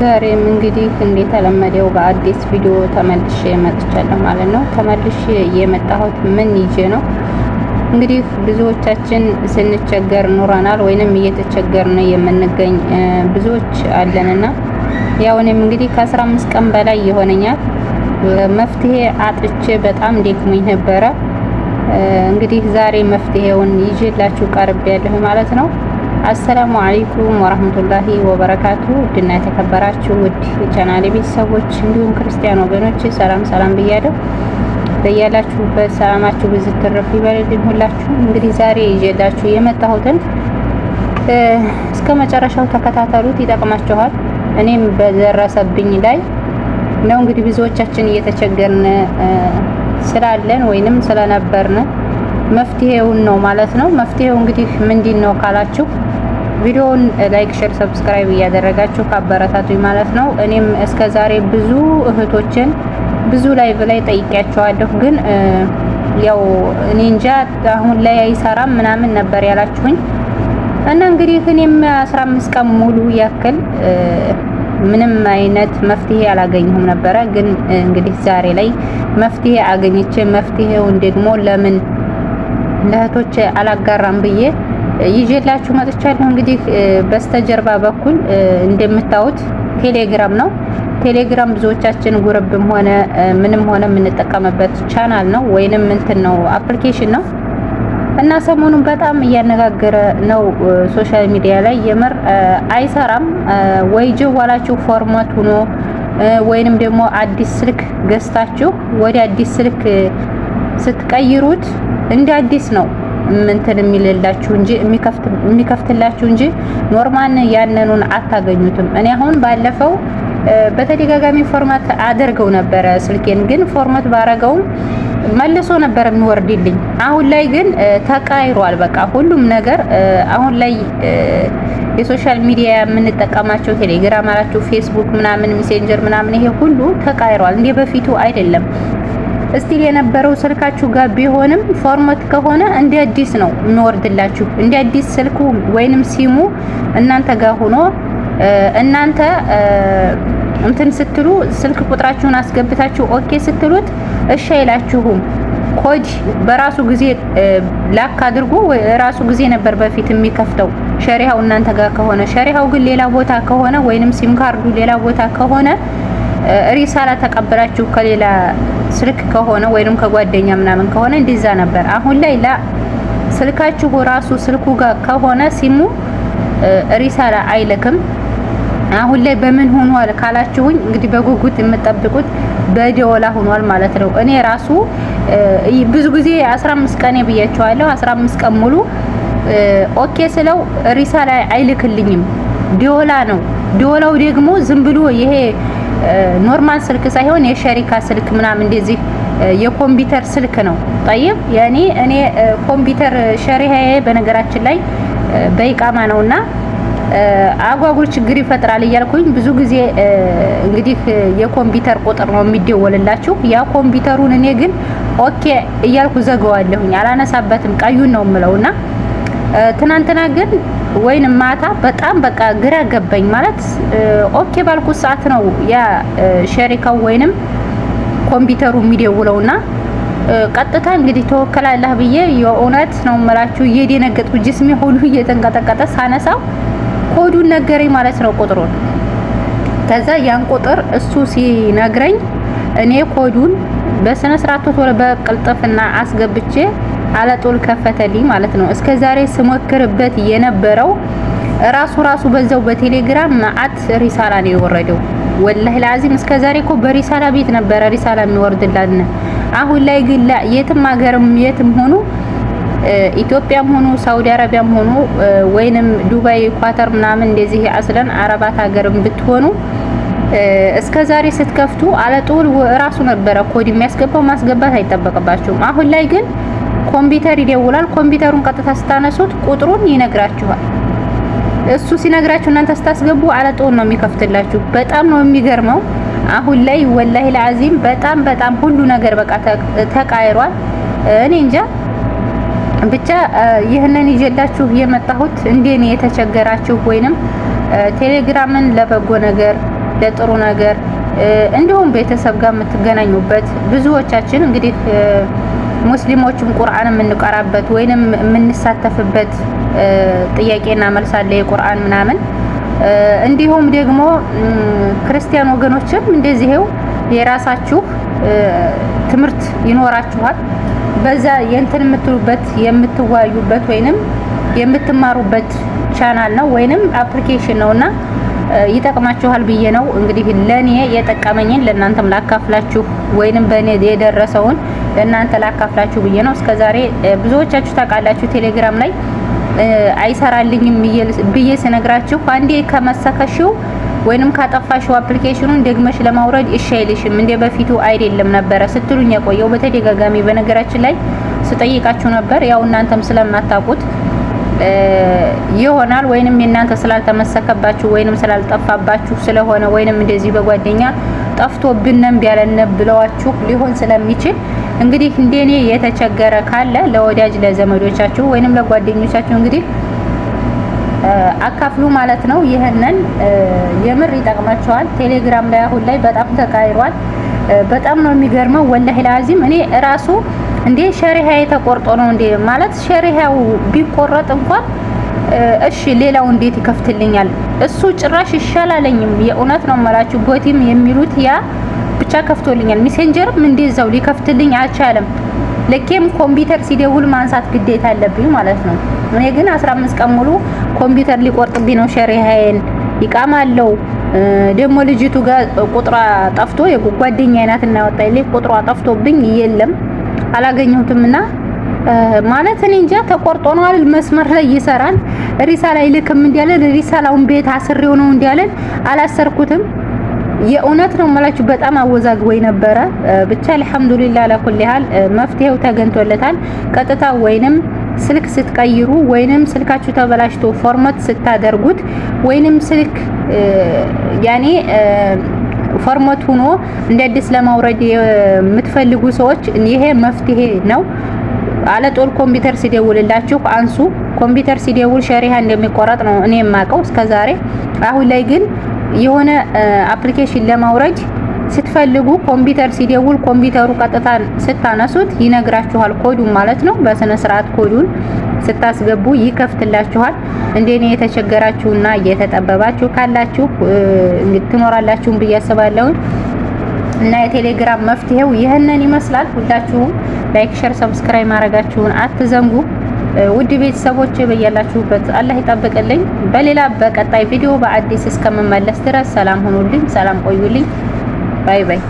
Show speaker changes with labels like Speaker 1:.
Speaker 1: ዛሬም እንግዲህ እንደተለመደው በአዲስ ቪዲዮ ተመልሼ መጥቻለሁ ማለት ነው። ተመልሼ የመጣሁት ምን ይዤ ነው? እንግዲህ ብዙዎቻችን ስንቸገር ኑረናል፣ ወይንም ነው የምንገኝ ብዙዎች አለንና ያው እኔም እንግዲህ ከአስራ አምስት ቀን በላይ ይሆነኛል መፍትሄ አጥቼ በጣም ደክሞኝ ነበረ። እንግዲህ ዛሬ መፍትሄውን ይዤላችሁ ቀርቤያለሁ ማለት ነው። አሰላሙ አለይኩም ወራህመቱላሂ ወበረካቱ። ውድና የተከበራችሁ ውድ የቻናሌ ቤተሰቦች እንዲሁም ክርስቲያን ወገኖች ሰላም ሰላም ብያለሁ። በያላችሁበት ሰላማችሁ ብዙ ትርፍ ይበልልኝ። ሁላችሁ እንግዲህ ዛሬ ይዤላችሁ የመጣሁትን እስከ መጨረሻው ተከታተሉት፣ ይጠቅማችኋል። እኔም በደረሰብኝ ላይ ነው እንግዲህ ብዙዎቻችን እየተቸገርን ስላለን ወይንም ስለነበርን መፍትሄውን ነው ማለት ነው። መፍትሄው እንግዲህ ምንድን ነው ካላችሁ ቪዲዮውን ላይክ፣ ሼር፣ ሰብስክራይብ እያደረጋችሁ ካበረታቱኝ ማለት ነው። እኔም እስከ ዛሬ ብዙ እህቶችን ብዙ ላይቭ ላይ ጠይቄያቸዋለሁ፣ ግን ያው እኔ እንጃ አሁን ላይ አይሰራም ምናምን ነበር ያላችሁኝ እና እንግዲህ እኔም 15 ቀን ሙሉ ያክል ምንም አይነት መፍትሄ አላገኘሁም ነበረ። ግን እንግዲህ ዛሬ ላይ መፍትሄ አገኘቼ መፍትሄውን ደግሞ ለምን ለእህቶች አላጋራም ብዬ ይዤላችሁ መጥቻለሁ። እንግዲህ በስተጀርባ በኩል እንደምታዩት ቴሌግራም ነው። ቴሌግራም ብዙዎቻችን ጉርብም ሆነ ምንም ሆነ የምንጠቀምበት ቻናል ነው ወይንም እንትን ነው አፕሊኬሽን ነው እና ሰሞኑን በጣም እያነጋገረ ነው ሶሻል ሚዲያ ላይ የምር አይሰራም ወይ ጀዋላችሁ ፎርማት ሆኖ ወይንም ደግሞ አዲስ ስልክ ገዝታችሁ ወደ አዲስ ስልክ ስትቀይሩት እንደ አዲስ ነው ምንትን የሚልላችሁ እንጂ የሚከፍትላችሁ እንጂ ኖርማን ያነኑን አታገኙትም። እኔ አሁን ባለፈው በተደጋጋሚ ፎርማት አደርገው ነበረ ስልኬን፣ ግን ፎርማት ባረገውም መልሶ ነበር የሚወርድልኝ። አሁን ላይ ግን ተቃይሯል። በቃ ሁሉም ነገር አሁን ላይ የሶሻል ሚዲያ የምንጠቀማቸው ቴሌግራም አላችሁ፣ ፌስቡክ ምናምን፣ ሜሴንጀር ምናምን ይሄ ሁሉ ተቃይሯል። እንደ በፊቱ አይደለም። ስቲል የነበረው ስልካችሁ ጋር ቢሆንም ፎርማት ከሆነ እንደ አዲስ ነው የሚወርድላችሁ። እንደ አዲስ ስልኩ ወይንም ሲሙ እናንተ ጋር ሆኖ እናንተ እንትን ስትሉ ስልክ ቁጥራችሁን አስገብታችሁ ኦኬ ስትሉት እሺ አይላችሁም። ኮድ በራሱ ጊዜ ላክ አድርጎ ራሱ ጊዜ ነበር በፊት የሚከፍተው ሸሪሃው እናንተ ጋር ከሆነ። ሸሪሃው ግን ሌላ ቦታ ከሆነ ወይንም ሲም ካርዱ ሌላ ቦታ ከሆነ ሪሳላ ተቀብላችሁ ከሌላ ስልክ ከሆነ ወይንም ከጓደኛ ምናምን ከሆነ እንደዛ ነበር። አሁን ላይ ላ ስልካችሁ ራሱ ስልኩ ጋር ከሆነ ሲሙ ሪሳላ አይልክም። አሁን ላይ በምን ሆኗል ካላችሁኝ እንግዲህ በጉጉት የምጠብቁት በደወላ ሆኗል ማለት ነው። እኔ ራሱ ብዙ ጊዜ 15 ቀን ብያቸዋለሁ። 15 ቀን ሙሉ ኦኬ ስለው ሪሳላ አይልክልኝም። ደወላ ነው። ደወላው ደግሞ ዝም ብሎ ይሄ ኖርማል ስልክ ሳይሆን የሸሪካ ስልክ ምናምን እንደዚህ የኮምፒውተር ስልክ ነው። ጠይብ ያኔ እኔ ኮምፒውተር ሸሪሃዬ በነገራችን ላይ በይቃማ ነውና አጓጉል ችግር ይፈጥራል እያልኩኝ ብዙ ጊዜ እንግዲህ የኮምፒውተር ቁጥር ነው የሚደወልላችሁ። ያ ኮምፒውተሩን እኔ ግን ኦኬ እያልኩ ዘገዋለሁኝ፣ አላነሳበትም። ቀዩን ነው እና ትናንትና ግን ወይንም ማታ በጣም በቃ ግራ ገባኝ። ማለት ኦኬ ባልኩ ሰዓት ነው ያ ሸሪካው ወይንም ኮምፒውተሩ የሚደውለውና ቀጥታ እንግዲህ ተወከላለህ ብዬ የእውነት ነው የምላችሁ እየደነገጥኩ ጅስሜ ሁሉ እየተንቀጠቀጠ ሳነሳው ኮዱን ነገረኝ ማለት ነው ቁጥሩን። ከዛ ያን ቁጥር እሱ ሲነግረኝ እኔ ኮዱን በስነ ስርዓቱ በቅልጥፍና አስገብቼ አለጦል ከፈተልኝ ማለት ነው። እስከ ዛሬ ስሞክርበት የነበረው ራሱ ራሱ በዛው በቴሌግራም መዓት ሪሳላ ነው የወረደው። ወላሂ ለአዚም እስከ ዛሬ እኮ በሪሳላ ቤት ነበረ ሪሳላ የሚወርድላን። አሁን ላይ ግን የትም ሀገርም የትም ሆኖ ኢትዮጵያም ሆኖ ሳውዲ አረቢያም ሆኖ ወይንም ዱባይ፣ ኳተር ምናምን እንደዚህ አስለን አረባት ሀገርም ብትሆኑ እስከ ዛሬ ስትከፍቱ አለጦል ራሱ ነበረ ኮድ የሚያስገባው ማስገባት አይጠበቅባችሁም። አሁን ላይ ግን ኮምፒውተር ይደውላል። ኮምፒውተሩን ቀጥታ ስታነሱት ቁጥሩን ይነግራችኋል። እሱ ሲነግራችሁ እናንተ ስታስገቡ አለጦን ነው የሚከፍትላችሁ። በጣም ነው የሚገርመው። አሁን ላይ ወላሂ ለአዚም በጣም በጣም ሁሉ ነገር በቃ ተቃይሯል። እኔ እንጃ ብቻ ይህንን ይዤላችሁ የመጣሁት እንደኔ የተቸገራችሁ ወይንም ቴሌግራምን ለበጎ ነገር ለጥሩ ነገር እንዲሁም ቤተሰብ ጋር የምትገናኙበት ብዙዎቻችን እንግዲህ ሙስሊሞችም ቁርአን የምንቀራበት ወይንም የምንሳተፍበት ጥያቄና መልስ አለ የቁርአን ምናምን። እንዲሁም ደግሞ ክርስቲያን ወገኖችም እንደዚህው የራሳችሁ ትምህርት ይኖራችኋል። በዛ የእንትን የምትሉበት የምትወያዩበት ወይንም የምትማሩበት ቻናል ነው ወይንም አፕሊኬሽን ነውና ይጠቅማችኋል ብዬ ነው እንግዲህ ለኔ የጠቀመኝን ለእናንተም ላካፍላችሁ ወይንም በእኔ የደረሰውን ለእናንተ ላካፍላችሁ ብዬ ነው። እስከዛሬ ብዙዎቻችሁ ታውቃላችሁ ቴሌግራም ላይ አይሰራልኝም ብዬ ስነግራችሁ አንዴ ከመሰከሽው ወይንም ካጠፋሽው አፕሊኬሽኑን ደግመሽ ለማውረድ እሺ አይልሽም፣ እንደ በፊቱ አይደለም ነበረ ስትሉኝ የቆየው በተደጋጋሚ በነገራችን ላይ ስጠይቃችሁ ነበር። ያው እናንተም ስለማታውቁት ይሆናል ወይንም የእናንተ ስላልተመሰከባችሁ ወይንም ስላልጠፋባችሁ ስለሆነ ወይንም እንደዚህ በጓደኛ ጠፍቶብንም ቢያለነ ብለዋችሁ ሊሆን ስለሚችል እንግዲህ እንደኔ የተቸገረ ካለ ለወዳጅ ለዘመዶቻችሁ ወይንም ለጓደኞቻችሁ እንግዲህ አካፍሉ ማለት ነው። ይህንን የምር ይጠቅማቸዋል። ቴሌግራም ላይ አሁን ላይ በጣም ተቃይሯል። በጣም ነው የሚገርመው። ወላሂ ለአዚም እኔ እራሱ እንዴ ሸሪሃ የተቆርጦ ነው እንዴ ማለት ሸሪሃው ቢቆረጥ እንኳን እሺ ሌላው እንዴት ይከፍትልኛል? እሱ ጭራሽ ይሻላለኝም። የእውነት ነው የምላችሁ ቦቲም የሚሉት ያ ብቻ ከፍቶልኛል። ሜሴንጀርም እንደዛው ሊከፍትልኝ አልቻለም። ለኬም ኮምፒውተር ሲደውል ማንሳት ግዴታ አለብኝ ማለት ነው። እኔ ግን 15 ቀን ሙሉ ኮምፒውተር ሊቆርጥብኝ ነው። ሸሪሃዬን ይቃማለው ደግሞ ልጅቱ ጋር ቁጥሯ ጠፍቶ የጓደኛ ናት እናወጣ ያወጣልኝ ቁጥሯ ጠፍቶብኝ የለም አላገኘሁትም እና ማለት እኔ እንጃ ተቆርጦ ነው አይደል? መስመር ላይ ይሰራል። ሪሳላ ይልክም እንዲያለን ሪሳላውን ቤት አስሬው ነው እንዲያለን አላሰርኩትም። የእውነት ነው የምላችሁ በጣም አወዛግቦኝ ነበረ። ብቻ አልሐምዱሊላህ ለኩል ያህል መፍትሄው ተገኝቶለታል። ቀጥታ ወይንም ስልክ ስትቀይሩ ወይንም ስልካችሁ ተበላሽቶ ፎርማት ስታደርጉት ወይንም ስልክ ያኔ ፎርማት ሆኖ እንደ አዲስ ለማውረድ የምትፈልጉ ሰዎች ይሄ መፍትሄ ነው። አለጦል ኮምፒውተር ሲደውልላችሁ አንሱ። ኮምፒውተር ሲደውል ሸሪሃ እንደሚቆረጥ ነው እኔ የማውቀው እስከዛሬ። አሁን ላይ ግን የሆነ አፕሊኬሽን ለማውረድ ስትፈልጉ ኮምፒውተር ሲደውል ኮምፒውተሩ ቀጥታ ስታነሱት ይነግራችኋል። ኮዱን ማለት ነው። በስነ ስርዓት ኮዱን ስታስገቡ ይከፍትላችኋል። እንደኔ የተቸገራችሁና እየተጠበባችሁ ካላችሁ ትኖራላችሁን ብዬ አስባለሁ። እና የቴሌግራም መፍትሄው ይህንን ይመስላል። ሁላችሁም ላይክ፣ ሸር፣ ሰብስክራይብ ማድረጋችሁን አትዘንጉ። ውድ ቤተሰቦች በያላችሁበት አላህ ይጠብቅልኝ። በሌላ በቀጣይ ቪዲዮ በአዲስ እስከምመለስ ድረስ ሰላም ሁኑልኝ፣ ሰላም ቆዩልኝ። ባይ ባይ።